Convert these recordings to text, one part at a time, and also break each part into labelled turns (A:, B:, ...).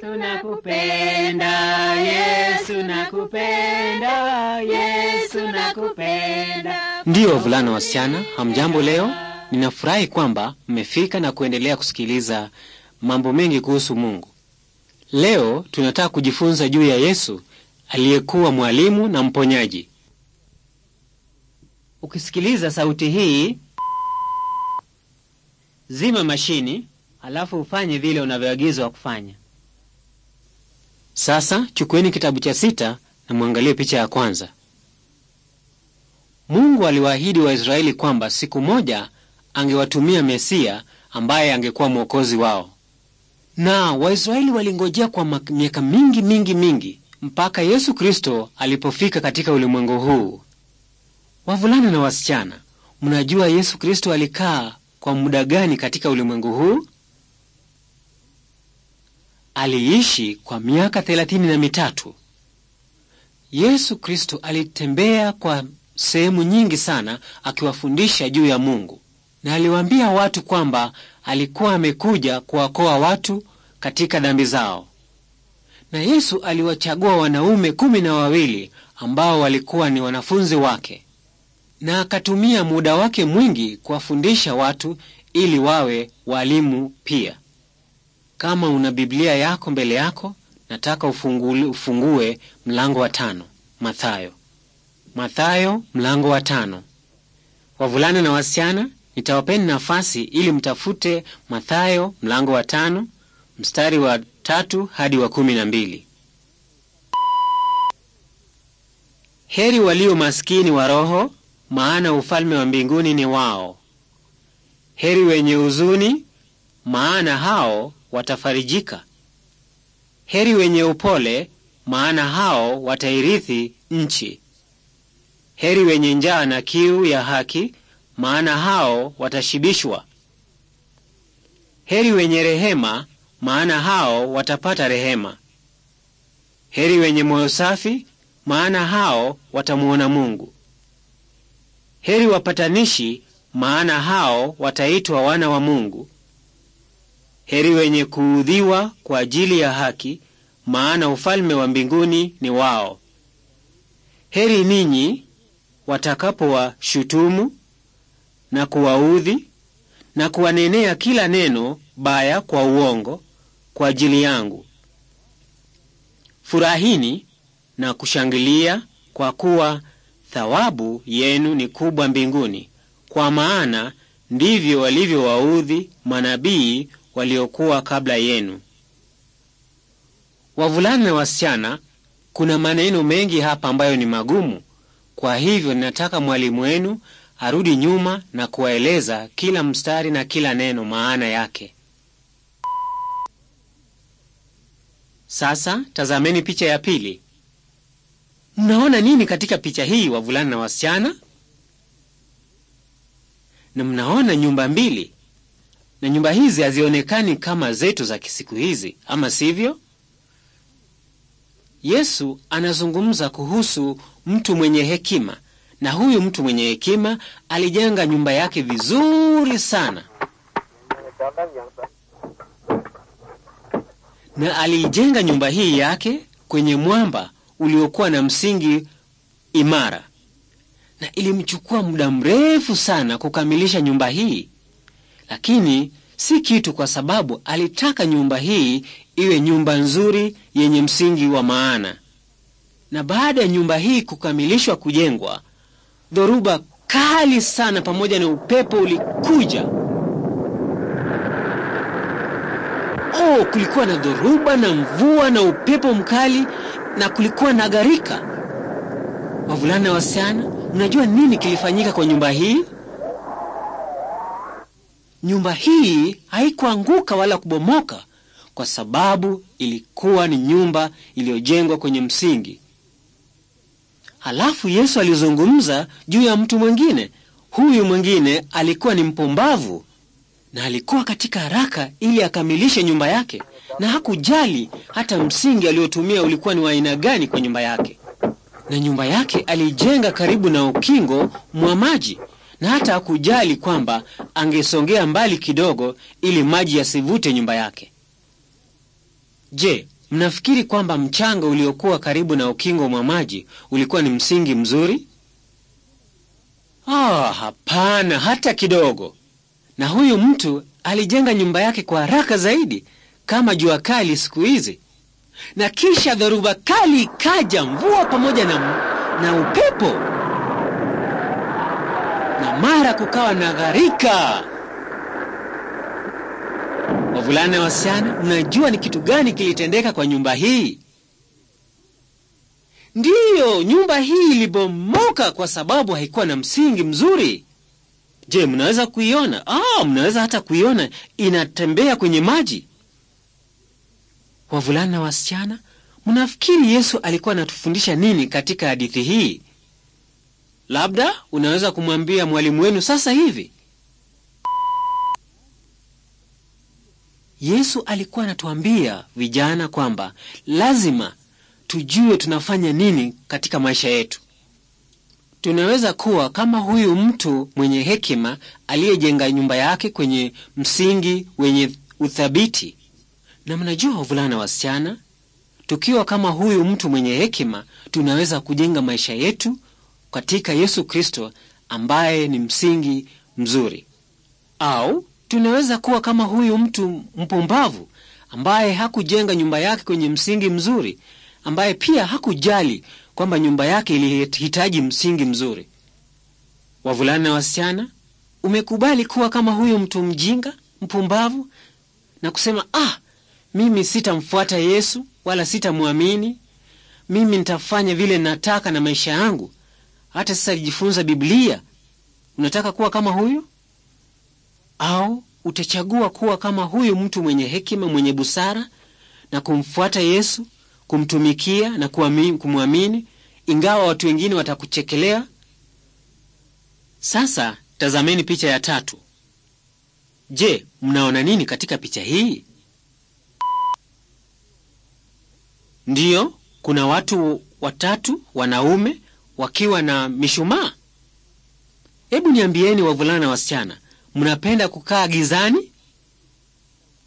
A: Tunakupenda Yesu, nakupenda Yesu, nakupenda. Ndiyo wavulana wasichana, hamjambo leo. Ninafurahi kwamba mmefika na kuendelea kusikiliza mambo mengi kuhusu Mungu. Leo tunataka kujifunza juu ya Yesu aliyekuwa mwalimu na mponyaji. Ukisikiliza sauti hii, zima mashini, alafu ufanye vile unavyoagizwa kufanya. Sasa chukueni kitabu cha sita na mwangalie picha ya kwanza. Mungu aliwaahidi Waisraeli kwamba siku moja angewatumia Mesia ambaye angekuwa mwokozi wao, na Waisraeli walingojea kwa miaka mingi mingi mingi mpaka Yesu Kristo alipofika katika ulimwengu huu. Wavulana na wasichana, mnajua Yesu Kristo alikaa kwa muda gani katika ulimwengu huu? aliishi kwa miaka thelathini na mitatu. Yesu Kristo alitembea kwa sehemu nyingi sana akiwafundisha juu ya Mungu, na aliwaambia watu kwamba alikuwa amekuja kuwakoa watu katika dhambi zao. Na Yesu aliwachagua wanaume kumi na wawili ambao walikuwa ni wanafunzi wake, na akatumia muda wake mwingi kuwafundisha watu ili wawe walimu pia. Kama una Biblia yako mbele yako, nataka ufungue, ufungue mlango wa tano Mathayo. Mathayo mlango wa tano. Wavulana na wasichana, nitawapeni nafasi ili mtafute Mathayo mlango wa tano mstari wa tatu hadi wa kumi na mbili. Heri walio maskini wa roho, maana ufalme wa mbinguni ni wao. Heri wenye huzuni, maana hao watafarijika. Heri wenye upole, maana hao watairithi nchi. Heri wenye njaa na kiu ya haki, maana hao watashibishwa. Heri wenye rehema, maana hao watapata rehema. Heri wenye moyo safi, maana hao watamwona Mungu. Heri wapatanishi, maana hao wataitwa wana wa Mungu. Heri wenye kuudhiwa kwa ajili ya haki, maana ufalme wa mbinguni ni wao. Heri ninyi watakapowashutumu na kuwaudhi na kuwanenea kila neno baya kwa uongo kwa ajili yangu. Furahini na kushangilia, kwa kuwa thawabu yenu ni kubwa mbinguni, kwa maana ndivyo walivyowaudhi manabii waliokuwa kabla yenu. Wavulana na wasichana, kuna maneno mengi hapa ambayo ni magumu. Kwa hivyo ninataka mwalimu wenu arudi nyuma na kuwaeleza kila mstari na kila neno maana yake. Sasa tazameni picha ya pili. Mnaona nini katika picha hii, wavulana na wasichana? Na mnaona nyumba mbili na nyumba hizi hazionekani kama zetu za kisiku hizi, ama sivyo? Yesu anazungumza kuhusu mtu mwenye hekima, na huyu mtu mwenye hekima alijenga nyumba yake vizuri sana, na aliijenga nyumba hii yake kwenye mwamba uliokuwa na msingi imara, na ilimchukua muda mrefu sana kukamilisha nyumba hii lakini si kitu, kwa sababu alitaka nyumba hii iwe nyumba nzuri yenye msingi wa maana. Na baada ya nyumba hii kukamilishwa kujengwa, dhoruba kali sana pamoja na upepo ulikuja. Oh, kulikuwa na dhoruba na mvua na upepo mkali na kulikuwa na gharika. Wavulana na wasichana, mnajua nini kilifanyika kwa nyumba hii? Nyumba hii haikuanguka wala kubomoka kwa sababu ilikuwa ni nyumba iliyojengwa kwenye msingi. Halafu Yesu alizungumza juu ya mtu mwingine. Huyu mwingine alikuwa ni mpumbavu na alikuwa katika haraka ili akamilishe nyumba yake, na hakujali hata msingi aliotumia ulikuwa ni wa aina gani kwa nyumba yake, na nyumba yake alijenga karibu na ukingo mwa maji na hata hakujali kwamba angesongea mbali kidogo ili maji yasivute nyumba yake. Je, mnafikiri kwamba mchanga uliokuwa karibu na ukingo mwa maji ulikuwa ni msingi mzuri? Ah, hapana hata kidogo. Na huyu mtu alijenga nyumba yake kwa haraka zaidi kama jua kali siku hizi. Na kisha dhoruba kali ikaja, mvua pamoja na, na upepo mara kukawa na gharika. Wavulana wasichana, mnajua ni kitu gani kilitendeka kwa nyumba hii? Ndiyo, nyumba hii ilibomoka kwa sababu haikuwa na msingi mzuri. Je, mnaweza kuiona? Ah, mnaweza hata kuiona inatembea kwenye maji. Wavulana na wasichana, mnafikiri Yesu alikuwa anatufundisha nini katika hadithi hii? Labda unaweza kumwambia mwalimu wenu sasa hivi. Yesu alikuwa anatuambia vijana kwamba lazima tujue tunafanya nini katika maisha yetu. Tunaweza kuwa kama huyu mtu mwenye hekima aliyejenga nyumba yake kwenye msingi wenye uthabiti. Na mnajua wavulana, wasichana, tukiwa kama huyu mtu mwenye hekima, tunaweza kujenga maisha yetu katika Yesu Kristo ambaye ni msingi mzuri. Au tunaweza kuwa kama huyu mtu mpumbavu ambaye hakujenga nyumba yake kwenye msingi mzuri, ambaye pia hakujali kwamba nyumba yake ilihitaji msingi mzuri. Wavulana na wasichana, umekubali kuwa kama huyu mtu mjinga mpumbavu na kusema ah, mimi sitamfuata Yesu wala sitamwamini, mimi nitafanya vile nataka na maisha yangu, hata sasa alijifunza Biblia. Unataka kuwa kama huyu au utachagua kuwa kama huyu mtu mwenye hekima, mwenye busara na kumfuata Yesu, kumtumikia na kumwamini, ingawa watu wengine watakuchekelea? Sasa tazameni picha ya tatu. Je, mnaona nini katika picha hii? Ndiyo, kuna watu watatu wanaume wakiwa na mishumaa? Hebu niambieni wavulana na wasichana, mnapenda kukaa gizani?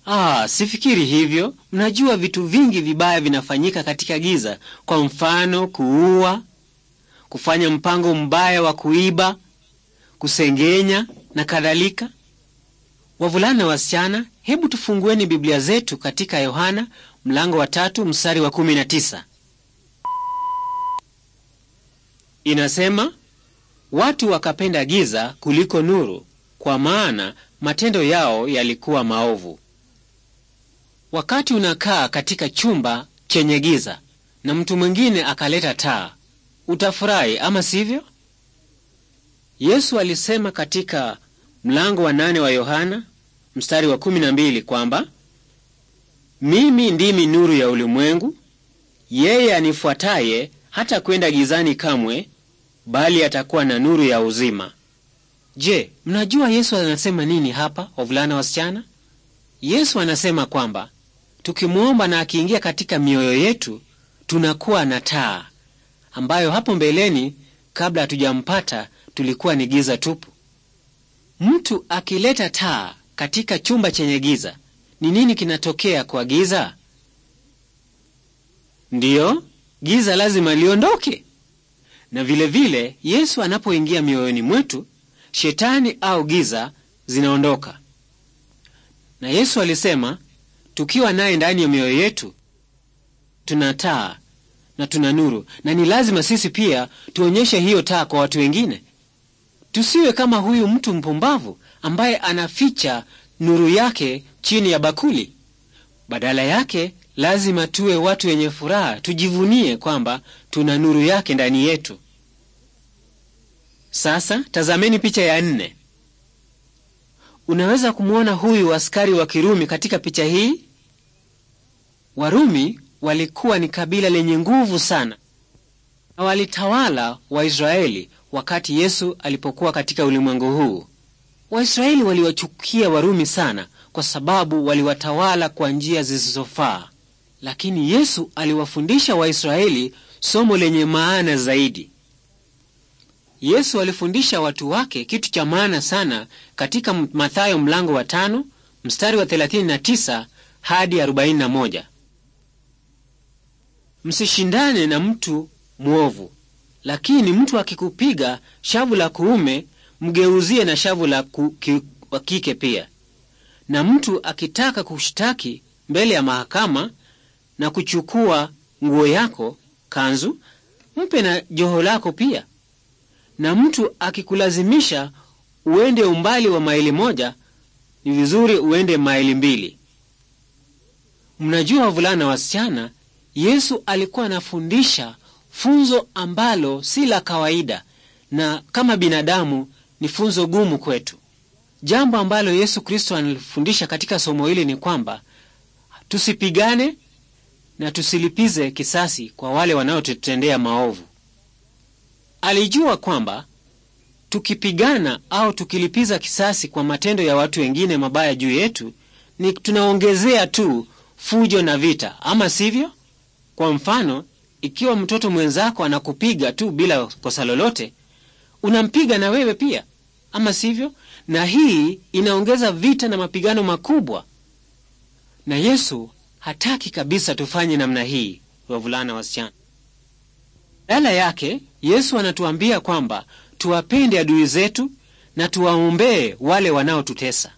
A: Ah, sifikiri hivyo. Mnajua vitu vingi vibaya vinafanyika katika giza, kwa mfano kuua, kufanya mpango mbaya wa kuiba, kusengenya na kadhalika. Wavulana na wasichana, hebu tufungueni Biblia zetu katika Yohana mlango wa tatu mstari wa kumi na tisa. Inasema, watu wakapenda giza kuliko nuru, kwa maana matendo yao yalikuwa maovu. Wakati unakaa katika chumba chenye giza na mtu mwingine akaleta taa, utafurahi ama sivyo? Yesu alisema katika mlango wa nane wa Yohana mstari wa kumi na mbili kwamba mimi ndimi nuru ya ulimwengu, yeye anifuataye hata kwenda gizani kamwe, bali atakuwa na nuru ya uzima. Je, mnajua Yesu anasema nini hapa, wavulana wasichana? Yesu anasema kwamba tukimwomba na akiingia katika mioyo yetu tunakuwa na taa ambayo hapo mbeleni kabla hatujampata tulikuwa ni giza tupu. Mtu akileta taa katika chumba chenye giza, ni nini kinatokea kwa giza? Ndiyo, giza lazima liondoke. Na vilevile vile, Yesu anapoingia mioyoni mwetu, shetani au giza zinaondoka. Na Yesu alisema tukiwa naye ndani ya mioyo yetu tuna taa na tuna nuru, na ni lazima sisi pia tuonyeshe hiyo taa kwa watu wengine. Tusiwe kama huyu mtu mpumbavu ambaye anaficha nuru yake chini ya bakuli. Badala yake lazima tuwe watu wenye furaha, tujivunie kwamba tuna nuru yake ndani yetu. Sasa tazameni picha ya nne. Unaweza kumwona huyu askari wa Kirumi katika picha hii. Warumi walikuwa ni kabila lenye nguvu sana na walitawala Waisraeli wakati Yesu alipokuwa katika ulimwengu huu. Waisraeli waliwachukia Warumi sana kwa sababu waliwatawala kwa njia zisizofaa. Lakini Yesu aliwafundisha Waisraeli somo lenye maana zaidi. Yesu alifundisha watu wake kitu cha maana sana katika Mathayo mlango wa tano mstari wa 39 hadi 41. Msishindane na mtu mwovu, lakini mtu akikupiga shavu la kuume mgeuzie na shavu la kike pia. Na mtu akitaka kushtaki mbele ya mahakama na kuchukua nguo yako, kanzu, mpe na joho lako pia. Na mtu akikulazimisha uende umbali wa maili moja, ni vizuri uende maili mbili. Mnajua wavulana, wasichana, Yesu alikuwa anafundisha funzo ambalo si la kawaida, na kama binadamu ni funzo gumu kwetu. Jambo ambalo Yesu Kristo analifundisha katika somo hili ni kwamba tusipigane na tusilipize kisasi kwa wale wanaotutendea maovu. Alijua kwamba tukipigana au tukilipiza kisasi kwa matendo ya watu wengine mabaya juu yetu, ni tunaongezea tu fujo na vita, ama sivyo? Kwa mfano, ikiwa mtoto mwenzako anakupiga tu bila kosa lolote, unampiga na wewe pia, ama sivyo? Na hii inaongeza vita na mapigano makubwa. Na Yesu hataki kabisa tufanye namna hii, wavulana wasichana. Badala yake Yesu anatuambia kwamba tuwapende adui zetu na tuwaombee wale wanaotutesa.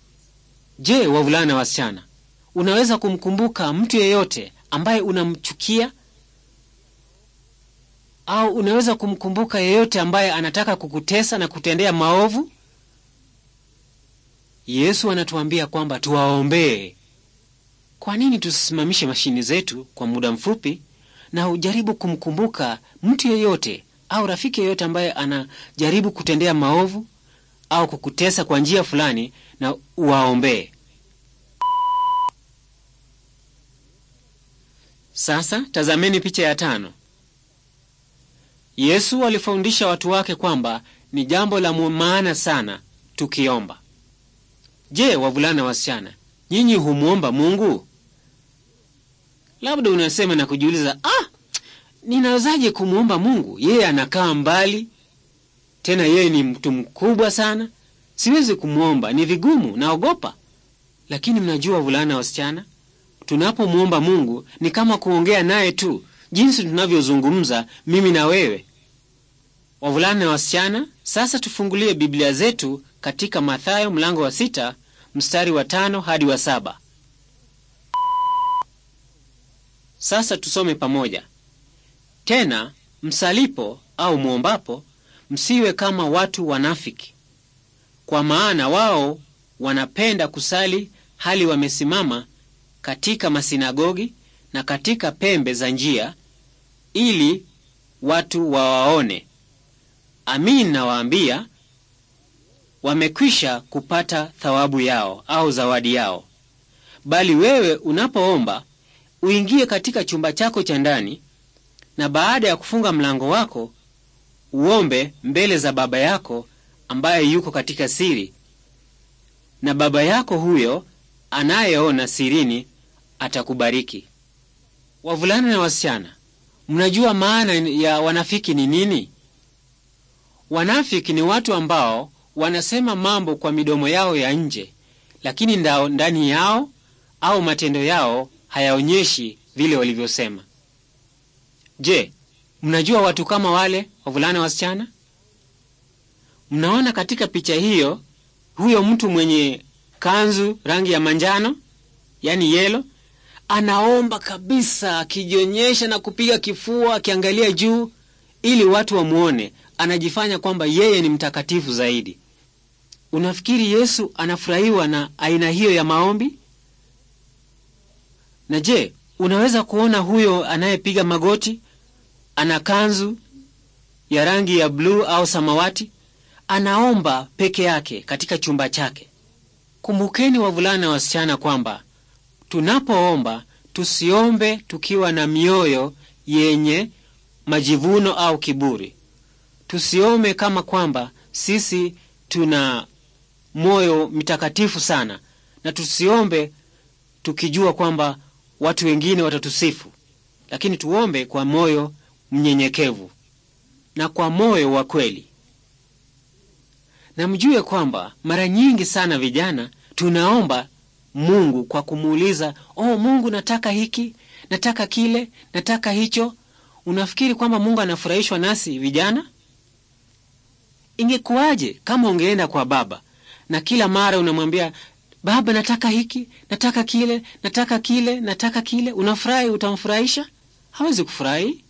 A: Je, wavulana wasichana, unaweza kumkumbuka mtu yeyote ambaye unamchukia au unaweza kumkumbuka yeyote ambaye anataka kukutesa na kutendea maovu? Yesu anatuambia kwamba tuwaombee kwa nini tusisimamishe mashine zetu kwa muda mfupi na ujaribu kumkumbuka mtu yeyote au rafiki yeyote ambaye anajaribu kutendea maovu au kukutesa kwa njia fulani na uwaombee. Sasa tazameni picha ya tano. Yesu alifundisha watu wake kwamba ni jambo la maana sana tukiomba. Je, wavulana na wasichana, nyinyi humwomba Mungu? Labda unasema na kujiuliza, ah, ninawezaje kumwomba Mungu? Yeye anakaa mbali, tena yeye ni mtu mkubwa sana, siwezi kumwomba, ni vigumu, naogopa. Lakini mnajua, vulana, wasichana, tunapomwomba Mungu ni kama kuongea naye tu, jinsi tunavyozungumza mimi na wewe. Wavulana na wasichana, sasa tufungulie Biblia zetu katika Mathayo mlango wa sita mstari wa tano hadi wa saba. Sasa tusome pamoja. Tena msalipo au mwombapo, msiwe kama watu wanafiki, kwa maana wao wanapenda kusali hali wamesimama katika masinagogi na katika pembe za njia, ili watu wawaone. Amin, nawaambia wamekwisha kupata thawabu yao au zawadi yao. Bali wewe unapoomba, uingie katika chumba chako cha ndani, na baada ya kufunga mlango wako uombe mbele za Baba yako ambaye yuko katika siri, na Baba yako huyo anayeona sirini atakubariki. Wavulana na wasichana, mnajua maana ya wanafiki ni nini? Wanafiki ni watu ambao wanasema mambo kwa midomo yao ya nje, lakini ndao ndani yao au matendo yao hayaonyeshi vile walivyosema. Je, mnajua watu kama wale wavulana wasichana? Mnaona katika picha hiyo, huyo mtu mwenye kanzu rangi ya manjano, yani yelo, anaomba kabisa, akijionyesha na kupiga kifua, akiangalia juu ili watu wamwone, anajifanya kwamba yeye ni mtakatifu zaidi. Unafikiri Yesu anafurahiwa na aina hiyo ya maombi? Na je, unaweza kuona huyo anayepiga magoti ana kanzu ya rangi ya bluu au samawati, anaomba peke yake katika chumba chake. Kumbukeni wavulana na wasichana kwamba tunapoomba tusiombe tukiwa na mioyo yenye majivuno au kiburi. Tusiombe kama kwamba sisi tuna moyo mtakatifu sana na tusiombe tukijua kwamba watu wengine watatusifu, lakini tuombe kwa moyo mnyenyekevu na kwa moyo wa kweli. Na mjue kwamba mara nyingi sana vijana tunaomba Mungu kwa kumuuliza, oh, Mungu nataka hiki, nataka kile, nataka hicho. Unafikiri kwamba Mungu anafurahishwa nasi vijana? Ingekuwaje kama ungeenda kwa Baba na kila mara unamwambia baba, nataka hiki, nataka kile, nataka kile, nataka kile. Unafurahi? Utamfurahisha? Hawezi kufurahi.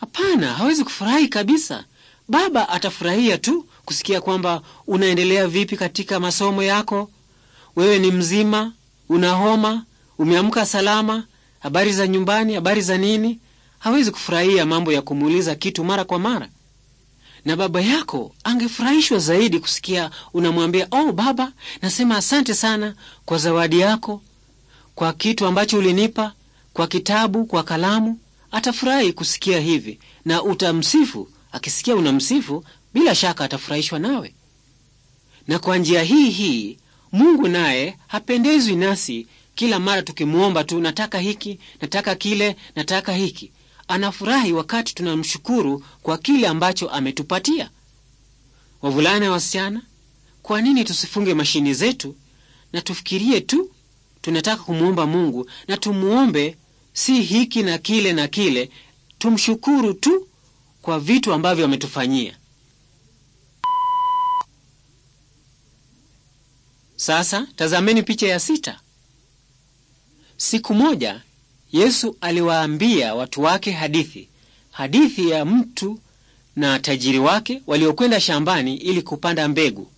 A: Hapana, hawezi kufurahi kabisa. Baba atafurahia tu kusikia kwamba unaendelea vipi katika masomo yako, wewe ni mzima, una homa, umeamka salama, habari za nyumbani, habari za nini. Hawezi kufurahia mambo ya kumuuliza kitu mara kwa mara na baba yako angefurahishwa zaidi kusikia unamwambia, oh baba, nasema asante sana kwa zawadi yako, kwa kitu ambacho ulinipa, kwa kitabu, kwa kalamu. Atafurahi kusikia hivi na utamsifu. Akisikia unamsifu, bila shaka atafurahishwa nawe. Na kwa njia hii hii Mungu naye hapendezwi nasi kila mara tukimwomba tu, nataka hiki, nataka kile, nataka hiki anafurahi wakati tunamshukuru kwa kile ambacho ametupatia. Wavulana wasichana, kwa nini tusifunge mashini zetu na tufikirie tu tunataka kumwomba Mungu na tumwombe, si hiki na kile na kile, tumshukuru tu kwa vitu ambavyo ametufanyia. Sasa tazameni picha ya sita. Siku moja Yesu aliwaambia watu wake hadithi, hadithi ya mtu na tajiri wake waliokwenda shambani ili kupanda mbegu.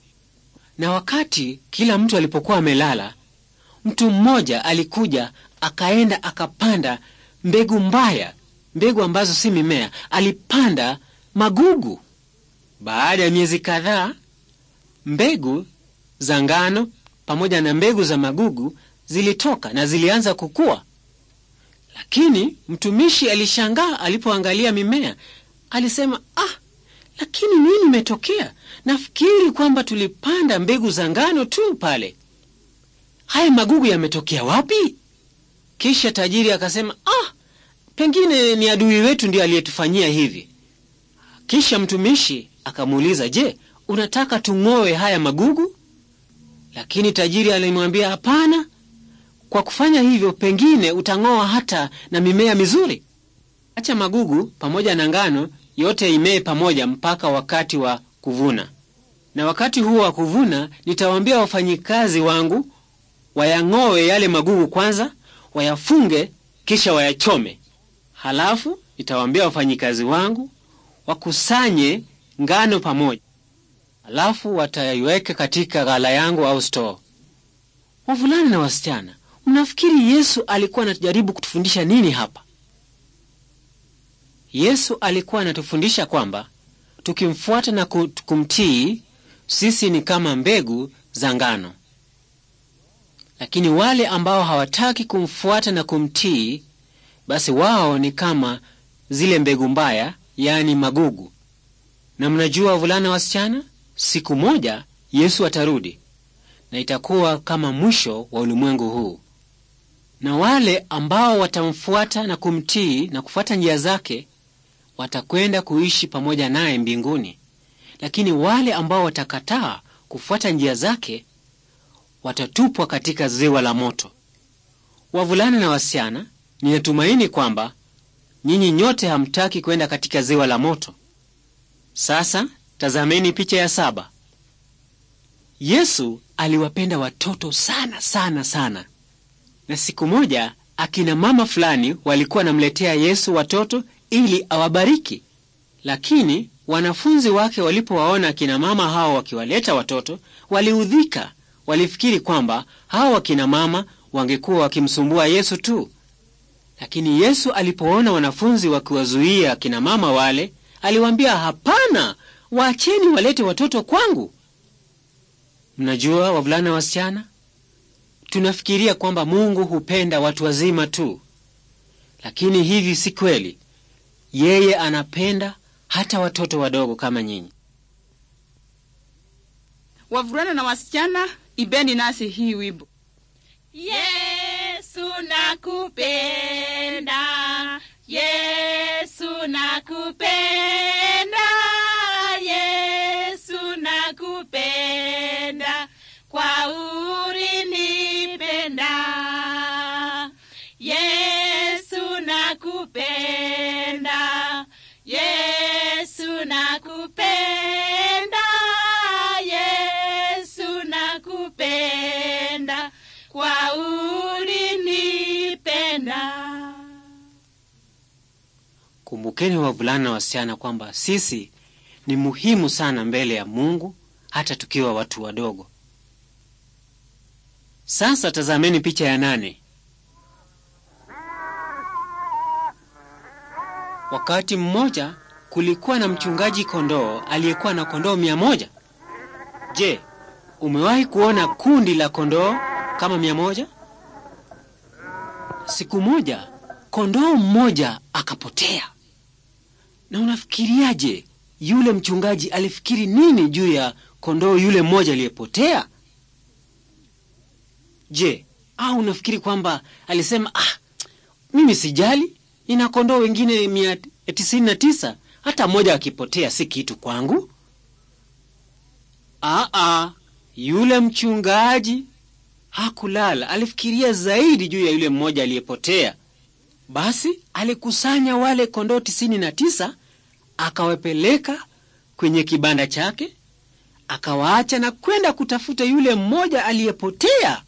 A: Na wakati kila mtu alipokuwa amelala, mtu mmoja alikuja, akaenda akapanda mbegu mbaya, mbegu ambazo si mimea, alipanda magugu. Baada ya miezi kadhaa, mbegu za ngano pamoja na mbegu za magugu zilitoka na zilianza kukua. Lakini mtumishi alishangaa alipoangalia mimea. Alisema, ah, lakini nini imetokea? Nafikiri kwamba tulipanda mbegu za ngano tu pale. Haya magugu yametokea wapi? Kisha tajiri akasema, ah, pengine ni adui wetu ndio aliyetufanyia hivi. Kisha mtumishi akamuuliza, je, unataka tung'oe haya magugu? Lakini tajiri alimwambia, hapana, kwa kufanya hivyo, pengine utang'oa hata na mimea mizuri. Acha magugu pamoja na ngano yote imee pamoja mpaka wakati wa kuvuna. Na wakati huo wa kuvuna, nitawaambia wafanyikazi wangu wayang'oe yale magugu kwanza, wayafunge, kisha wayachome. Halafu nitawaambia wafanyikazi wangu wakusanye ngano pamoja, halafu wataiweke katika ghala yangu au store. Wavulana na wasichana, Mnafikiri Yesu alikuwa anajaribu kutufundisha nini hapa? Yesu alikuwa anatufundisha kwamba tukimfuata na kumtii, sisi ni kama mbegu za ngano, lakini wale ambao hawataki kumfuata na kumtii, basi wao ni kama zile mbegu mbaya, yaani magugu. Na mnajua wavulana, wasichana, siku moja Yesu atarudi na itakuwa kama mwisho wa ulimwengu huu na wale ambao watamfuata na kumtii na kufuata njia zake watakwenda kuishi pamoja naye mbinguni, lakini wale ambao watakataa kufuata njia zake watatupwa katika ziwa la moto. Wavulana na wasichana, ninatumaini kwamba nyinyi nyote hamtaki kwenda katika ziwa la moto. Sasa tazameni picha ya saba. Yesu aliwapenda watoto sana sana sana. Na siku moja akina mama fulani walikuwa wanamletea Yesu watoto ili awabariki, lakini wanafunzi wake walipowaona akina mama hao wakiwaleta watoto waliudhika. Walifikiri kwamba hao akina mama wangekuwa wakimsumbua Yesu tu. Lakini Yesu alipoona wanafunzi wakiwazuia akina mama wale, aliwaambia, hapana, waacheni walete watoto kwangu. Mnajua wavulana, wasichana, Tunafikiria kwamba Mungu hupenda watu wazima tu, lakini hivi si kweli. Yeye anapenda hata watoto wadogo kama nyinyi. Wavulana na wasichana, ibeni nasi hii wimbo. Yesu nakupenda, Yesu nakupenda. Kumbukeni wavulana na wasichana kwamba sisi ni muhimu sana mbele ya Mungu hata tukiwa watu wadogo. Sasa tazameni picha ya nane. Wakati mmoja kulikuwa na mchungaji kondoo aliyekuwa na kondoo mia moja. Je, umewahi kuona kundi la kondoo kama mia moja? Siku moja kondoo mmoja akapotea. Na unafikiriaje yule mchungaji alifikiri nini juu ya kondoo yule mmoja aliyepotea? Je, au unafikiri kwamba alisema ah, mimi sijali, nina kondoo wengine mia tisini na tisa, hata mmoja akipotea si kitu kwangu? Ah, ah, yule mchungaji hakulala, alifikiria zaidi juu ya yule mmoja aliyepotea. Basi alikusanya wale kondoo tisini na tisa akawapeleka kwenye kibanda chake, akawaacha na kwenda kutafuta yule mmoja aliyepotea,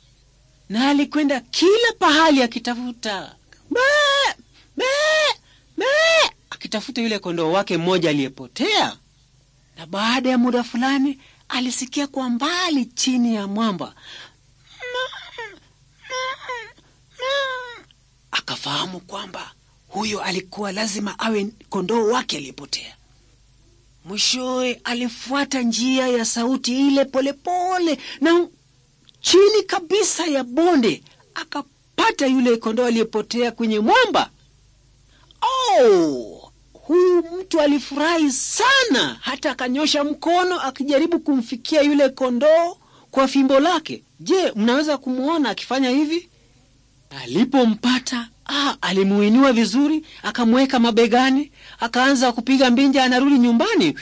A: na alikwenda kila pahali akitafuta akitafuta yule kondoo wake mmoja aliyepotea. Na baada ya muda fulani alisikia kwa mbali chini ya mwamba, akafahamu kwamba huyo alikuwa lazima awe kondoo wake aliyepotea. Mwishowe alifuata njia ya sauti ile polepole pole, na chini kabisa ya bonde akapata yule kondoo aliyepotea kwenye mwamba. Oh, huyu mtu alifurahi sana, hata akanyosha mkono akijaribu kumfikia yule kondoo kwa fimbo lake. Je, mnaweza kumwona akifanya hivi? Alipompata Ah, alimuinua vizuri, akamweka mabegani, akaanza kupiga mbinja, anarudi nyumbani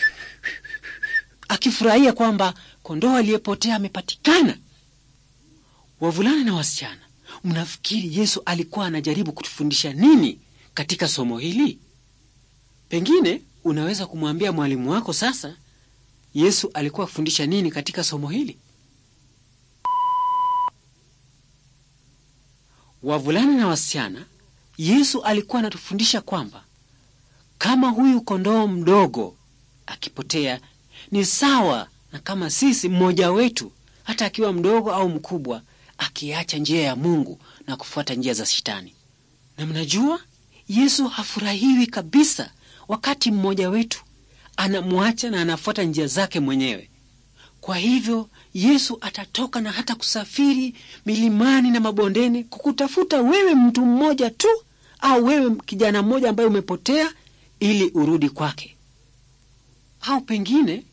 A: akifurahia kwamba kondoo aliyepotea amepatikana. Wavulana na wasichana, mnafikiri Yesu alikuwa anajaribu kutufundisha nini katika somo hili? Pengine unaweza kumwambia mwalimu wako sasa, Yesu alikuwa akifundisha nini katika somo hili? wavulana na wasichana, Yesu alikuwa anatufundisha kwamba kama huyu kondoo mdogo akipotea ni sawa na kama sisi mmoja wetu hata akiwa mdogo au mkubwa akiacha njia ya Mungu na kufuata njia za Shetani. Na mnajua Yesu hafurahiwi kabisa wakati mmoja wetu anamwacha na anafuata njia zake mwenyewe. Kwa hivyo Yesu atatoka na hata kusafiri milimani na mabondeni kukutafuta wewe, mtu mmoja tu, au wewe kijana mmoja ambaye umepotea, ili urudi kwake. Au pengine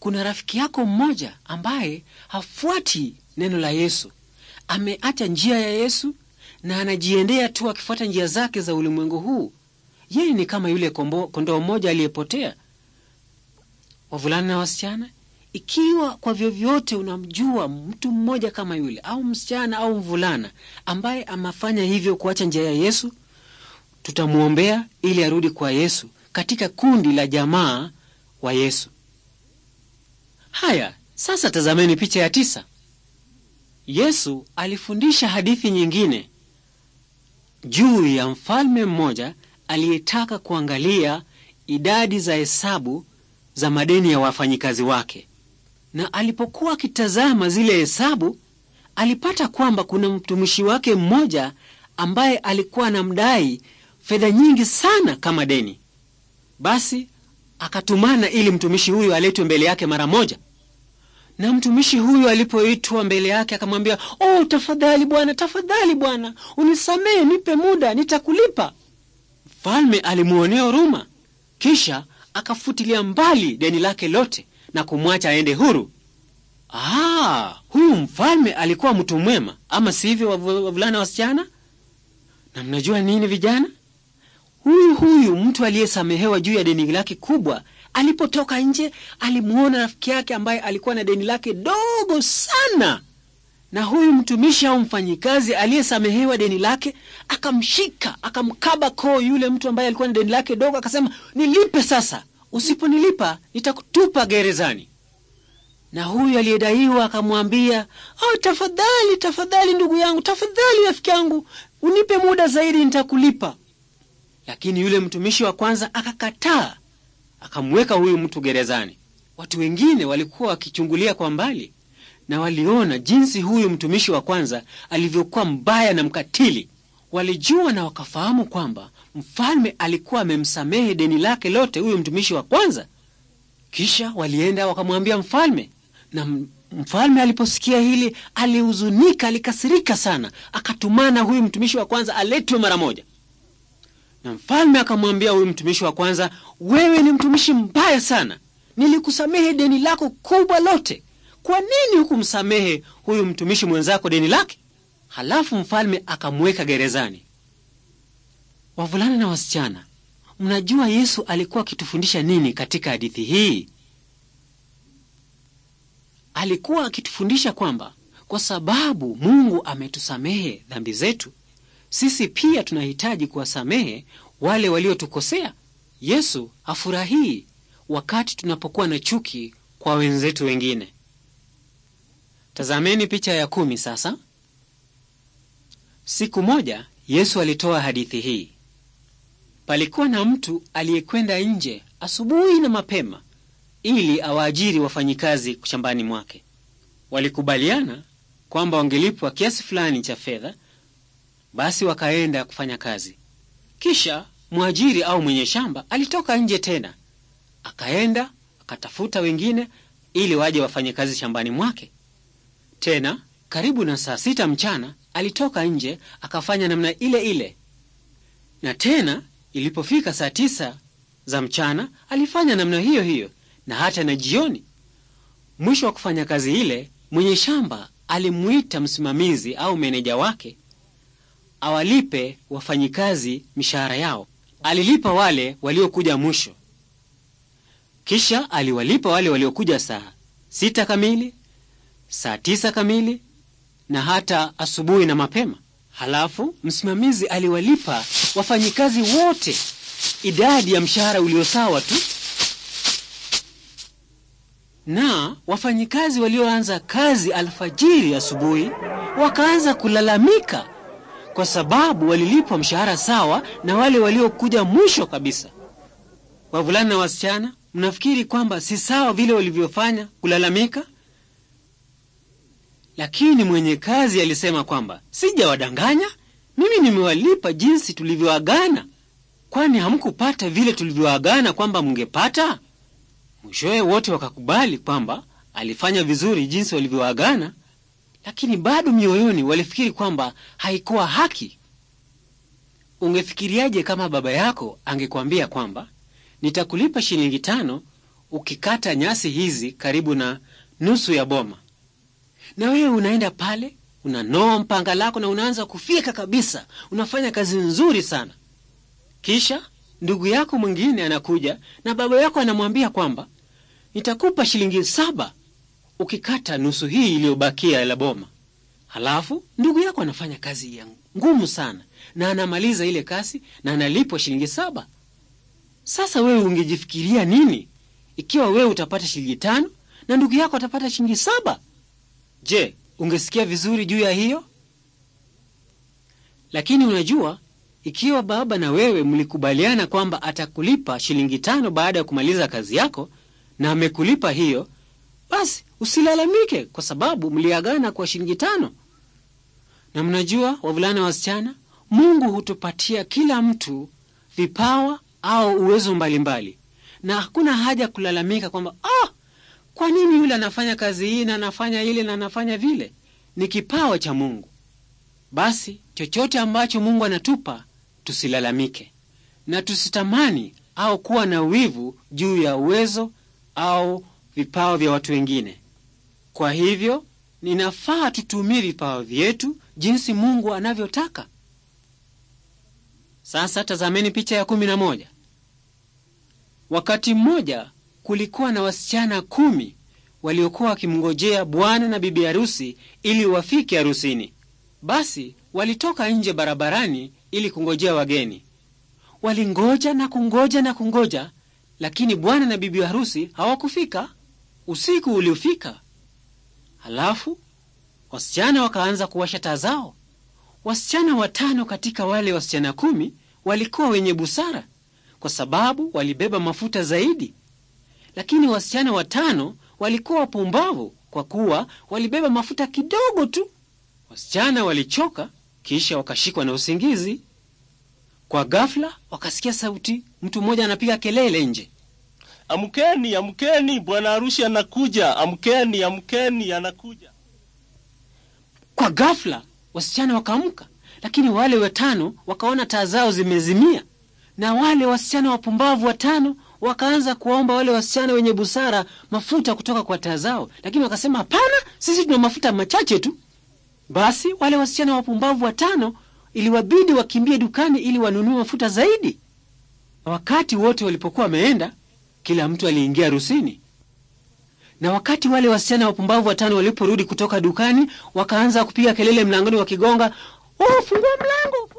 A: kuna rafiki yako mmoja ambaye hafuati neno la Yesu, ameacha njia ya Yesu na anajiendea tu akifuata njia zake za ulimwengu huu. Yeye ni kama yule kondoo mmoja aliyepotea. Wavulana na wasichana, ikiwa kwa vyovyote unamjua mtu mmoja kama yule au msichana au mvulana ambaye amefanya hivyo kuacha njia ya Yesu, tutamwombea ili arudi kwa Yesu katika kundi la jamaa wa Yesu. Haya, sasa tazameni picha ya tisa. Yesu alifundisha hadithi nyingine juu ya mfalme mmoja aliyetaka kuangalia idadi za hesabu za madeni ya wafanyikazi wake na alipokuwa akitazama zile hesabu alipata kwamba kuna mtumishi wake mmoja ambaye alikuwa anamdai fedha nyingi sana kama deni. Basi akatumana ili mtumishi huyu aletwe mbele yake mara moja. Na mtumishi huyu alipoitwa mbele yake akamwambia, oh, tafadhali bwana, tafadhali bwana, unisamehe, nipe muda, nitakulipa. Mfalme alimwonea huruma, kisha akafutilia mbali deni lake lote na kumwacha aende huru. Ah, huyu mfalme alikuwa mtu mwema, ama sivyo, wavulana wasichana? Na mnajua nini, vijana? Huyu huyu mtu aliyesamehewa juu ya deni lake kubwa, alipotoka nje alimwona rafiki yake ambaye alikuwa na deni lake dogo sana, na huyu mtumishi au mfanyikazi aliyesamehewa deni lake akamshika, akamkaba koo yule mtu ambaye alikuwa na deni lake dogo, akasema nilipe sasa usiponilipa nitakutupa gerezani. Na huyu aliyedaiwa akamwambia, oh, tafadhali tafadhali, ndugu yangu, tafadhali rafiki yangu, unipe muda zaidi, nitakulipa. Lakini yule mtumishi wa kwanza akakataa, akamweka huyu mtu gerezani. Watu wengine walikuwa wakichungulia kwa mbali na waliona jinsi huyu mtumishi wa kwanza alivyokuwa mbaya na mkatili. Walijua na wakafahamu kwamba mfalme alikuwa amemsamehe deni lake lote huyu mtumishi wa kwanza. Kisha walienda wakamwambia mfalme, na mfalme aliposikia hili alihuzunika, alikasirika sana, akatumana huyu mtumishi wa kwanza aletwe mara moja. Na mfalme akamwambia huyu mtumishi wa kwanza, wewe ni mtumishi mbaya sana, nilikusamehe deni lako kubwa lote, kwa nini hukumsamehe huyu mtumishi mwenzako deni lake? Halafu mfalme akamweka gerezani. Wavulana na wasichana, mnajua Yesu alikuwa akitufundisha nini katika hadithi hii? Alikuwa akitufundisha kwamba kwa sababu Mungu ametusamehe dhambi zetu, sisi pia tunahitaji kuwasamehe wale waliotukosea. Yesu hafurahii wakati tunapokuwa na chuki kwa wenzetu wengine. Tazameni picha ya kumi sasa. Siku moja Yesu alitoa hadithi hii. Palikuwa na mtu aliyekwenda nje asubuhi na mapema ili awaajiri wafanyikazi shambani mwake. Walikubaliana kwamba wangelipwa kiasi fulani cha fedha, basi wakaenda kufanya kazi. Kisha mwajiri au mwenye shamba alitoka nje tena, akaenda akatafuta wengine ili waje wafanye kazi shambani mwake. Tena karibu na saa sita mchana alitoka nje akafanya namna ile ile, na tena ilipofika saa tisa za mchana alifanya namna hiyo hiyo, na hata na jioni. Mwisho wa kufanya kazi ile, mwenye shamba alimuita msimamizi au meneja wake awalipe wafanyikazi mishahara yao. Alilipa wale waliokuja mwisho, kisha aliwalipa wale waliokuja saa sita kamili, saa tisa kamili na hata asubuhi na mapema. Halafu msimamizi aliwalipa wafanyikazi wote idadi ya mshahara uliosawa tu, na wafanyikazi walioanza kazi alfajiri asubuhi wakaanza kulalamika kwa sababu walilipwa mshahara sawa na wale waliokuja mwisho kabisa. Wavulana na wasichana, mnafikiri kwamba si sawa vile walivyofanya kulalamika? Lakini mwenye kazi alisema kwamba sijawadanganya, mimi nimewalipa jinsi tulivyoagana. Kwani hamkupata vile tulivyoagana kwamba mngepata? Mwishowe wote wakakubali kwamba alifanya vizuri jinsi walivyoagana, lakini bado mioyoni walifikiri kwamba haikuwa haki. Ungefikiriaje kama baba yako angekwambia kwamba nitakulipa shilingi tano ukikata nyasi hizi karibu na nusu ya boma? Na wewe unaenda pale unanoa mpanga lako na unaanza kufika kabisa, unafanya kazi nzuri sana. Kisha ndugu yako mwingine anakuja na baba yako anamwambia kwamba nitakupa shilingi saba ukikata nusu hii iliyobakia la boma. Halafu ndugu yako anafanya kazi ya ngumu sana na anamaliza ile kazi na analipwa shilingi saba. Sasa wewe ungejifikiria nini ikiwa wewe utapata shilingi tano na ndugu yako atapata shilingi saba? Je, ungesikia vizuri juu ya hiyo? Lakini unajua, ikiwa baba na wewe mlikubaliana kwamba atakulipa shilingi tano baada ya kumaliza kazi yako na amekulipa hiyo, basi usilalamike kwa sababu mliagana kwa shilingi tano. Na mnajua, wavulana wasichana, Mungu hutupatia kila mtu vipawa au uwezo mbalimbali mbali. Na hakuna haja kulalamika kwamba ah, kwa nini yule anafanya kazi hii na anafanya ile na anafanya vile? Ni kipawa cha Mungu. Basi chochote ambacho Mungu anatupa tusilalamike, na tusitamani au kuwa na wivu juu ya uwezo au vipawa vya watu wengine. Kwa hivyo ninafaa tutumie vipawa vyetu jinsi Mungu anavyotaka. Sasa tazameni picha ya kumi na moja. Wakati mmoja kulikuwa na wasichana kumi waliokuwa wakimngojea bwana na bibi harusi ili wafike harusini. Basi walitoka nje barabarani ili kungojea wageni. Walingoja na kungoja na kungoja, lakini bwana na bibi harusi hawakufika. Usiku uliofika, halafu wasichana wakaanza kuwasha taa zao. Wasichana watano katika wale wasichana kumi walikuwa wenye busara, kwa sababu walibeba mafuta zaidi lakini wasichana watano walikuwa wapumbavu kwa kuwa walibeba mafuta kidogo tu. Wasichana walichoka kisha wakashikwa na usingizi. Kwa ghafla wakasikia sauti, mtu mmoja anapiga kelele nje, amkeni, amkeni, bwana harusi anakuja, amkeni, amkeni, anakuja. Kwa ghafla wasichana wakaamka, lakini wale watano wakaona taa zao zimezimia, na wale wasichana wapumbavu watano wakaanza kuwaomba wale wasichana wenye busara mafuta kutoka kwa taa zao, lakini wakasema hapana, sisi tuna mafuta machache tu. Basi wale wasichana wapumbavu watano iliwabidi wakimbie dukani ili wanunue mafuta zaidi. Wakati wote walipokuwa wameenda, kila mtu aliingia rusini. Na wakati wale wasichana wapumbavu watano waliporudi kutoka dukani, wakaanza kupiga kelele mlangoni wakigonga, oh, fungua mlango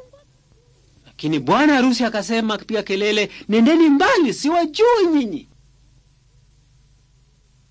A: lakini bwana harusi akasema akipiga kelele, nendeni mbali, siwajui nyinyi.